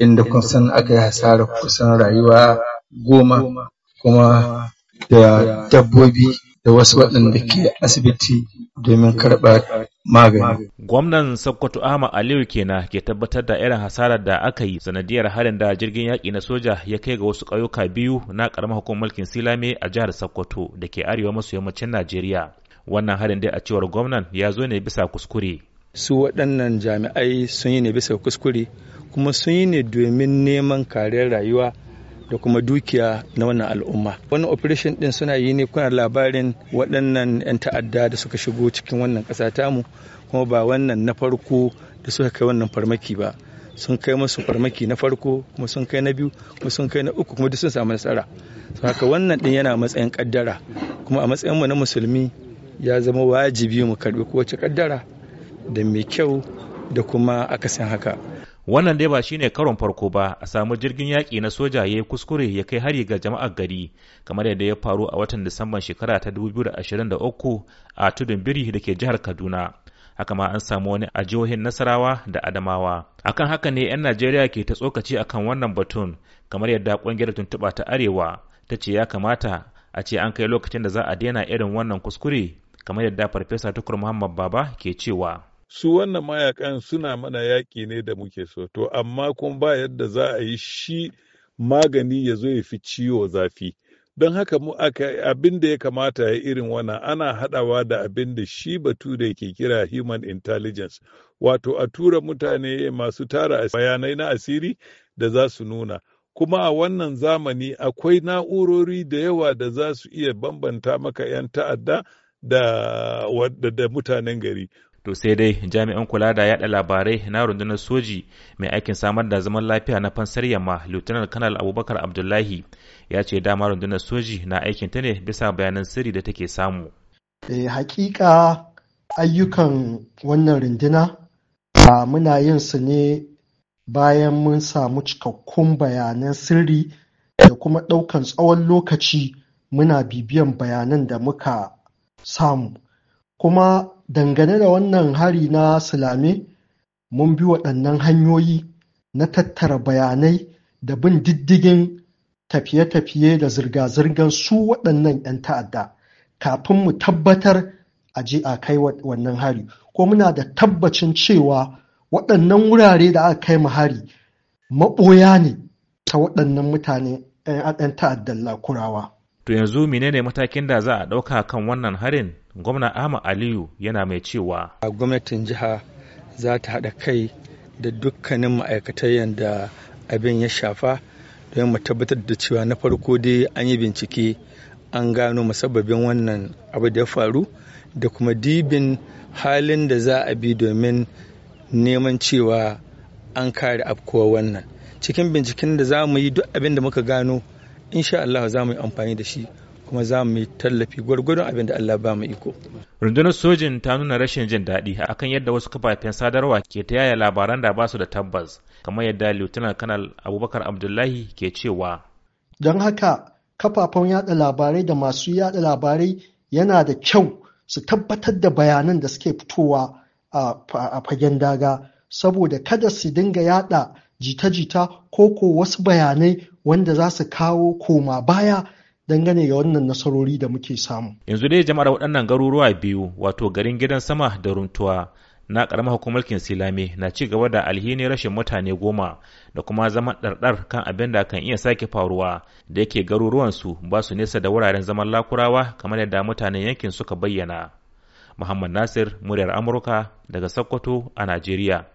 inda kun san aka yi hasarar kusan rayuwa goma kuma da dabbobi da wasu waɗanda ke asibiti domin karɓar magani. Gwamnan Sokoto Ahmad Aliyu kenan ke tabbatar da irin hasarar da aka yi sanadiyar harin da jirgin yaƙi na soja ya kai ga wasu ƙauyuka biyu na ƙaramar hukumar mulkin Silame a jihar Sokoto da ke arewa maso yammacin Najeriya. Wannan harin dai a cewar gwamnan ya zo ne bisa kuskure. su waɗannan jami'ai sun yi ne bisa kuskure kuma sun yi ne domin neman kariyar rayuwa da kuma dukiya na wannan al'umma wannan operation din suna yi ne kuna labarin waɗannan 'yan ta'adda da suka shigo cikin wannan ƙasa tamu kuma ba wannan na farko da suka kai wannan farmaki ba sun kai masu farmaki na farko kuma sun kai na biyu kuma sun kai na uku kuma duk sun samu nasara haka wannan din yana matsayin kaddara kuma a matsayin mu na musulmi ya zama wajibi mu karbi kowace kaddara da mai kyau da kuma akasin haka wannan dai ba shine karon farko ba a samu jirgin yaƙi na soja ya yi kuskure ya kai hari ga jama'ar gari kamar yadda ya faru a watan disamban shekara ta 2023 a tudun biri da ke jihar kaduna haka ma an samu wani a jihohin nasarawa da adamawa akan haka ne 'yan najeriya ke ta tsokaci akan wannan batun kamar yadda ƙungiyar tuntuɓa ta arewa ta ce ya kamata a ce an kai lokacin da za a daina irin wannan kuskure kamar yadda farfesa tukur muhammad baba ke cewa su wannan mayakan suna mana yaƙi ne da muke so to amma kuma ba yadda za a yi shi magani ya zo ya fi ciwo zafi don haka mu aka abin da ya kamata ya irin wannan ana haɗawa da abin da shi batu da ke kira human intelligence wato a tura mutane masu tara bayanai na asiri da za su nuna kuma a wannan zamani akwai na'urori da yawa da za su iya bambanta maka 'yan ta'adda da mutanen gari to sai dai jami'an kula da yada labarai na rundunar soji mai aikin samar da zaman lafiya na fansar yamma lieutenant kanal abubakar abdullahi ya ce dama rundunar soji na aikin ta ne bisa bayanan sirri da take samu e, hakika ayyukan wannan runduna muna yin su ne bayan mun samu cikakkun bayanan sirri da kuma ɗaukan tsawon lokaci muna bibiyan bayanan da muka samu kuma Dangane da wannan hari na silame, mun bi waɗannan hanyoyi na tattara bayanai da bin diddigin tafiye-tafiye da zirga-zirgar su waɗannan 'yan ta'adda kafin mu tabbatar a je a kai wannan hari ko muna da tabbacin cewa waɗannan wurare da aka kai mu hari maɓoya ne ta waɗannan mutane 'yan ta'addan lakurawa. To yanzu menene matakin da za a ɗauka kan wannan harin? gwamna ahmad aliyu yana mai cewa gwamnatin jiha za ta haɗa kai da dukkanin ma'aikatai yadda abin ya shafa don mu tabbatar da cewa na farko dai an yi bincike an gano musabbabin wannan abu da ya faru da kuma dibin halin da za a bi domin neman cewa an kare afkuwa wannan cikin binciken da za mu yi duk abin da muka gano insha Allah za mu yi amfani da shi kuma za mu yi tallafi gwargwadon abin da Allah ba mu iko. Rundunar sojin ta nuna rashin jin daɗi akan yadda wasu kafafen sadarwa ke ta yaya labaran da ba su da tabbas kamar yadda Lieutenant Kanal Abubakar Abdullahi ke cewa. Don haka kafafen yada labarai da masu yada labarai yana da kyau su tabbatar da bayanan da suke fitowa a fagen daga saboda kada su dinga yada jita-jita ko ko wasu bayanai wanda za su kawo koma baya dangane ga wannan nasarori da muke samu. Yanzu dai jama'ar waɗannan garuruwa biyu wato garin gidan sama da runtuwa na ƙaramar hukumar silame na ci gaba da alhini rashin mutane goma da kuma zaman ɗarɗar kan abin da kan iya sake faruwa da yake garuruwansu ba su nesa da wuraren zaman lakurawa kamar yadda mutanen yankin suka bayyana. Muhammad Nasir, muryar Amurka daga Sokoto a Najeriya.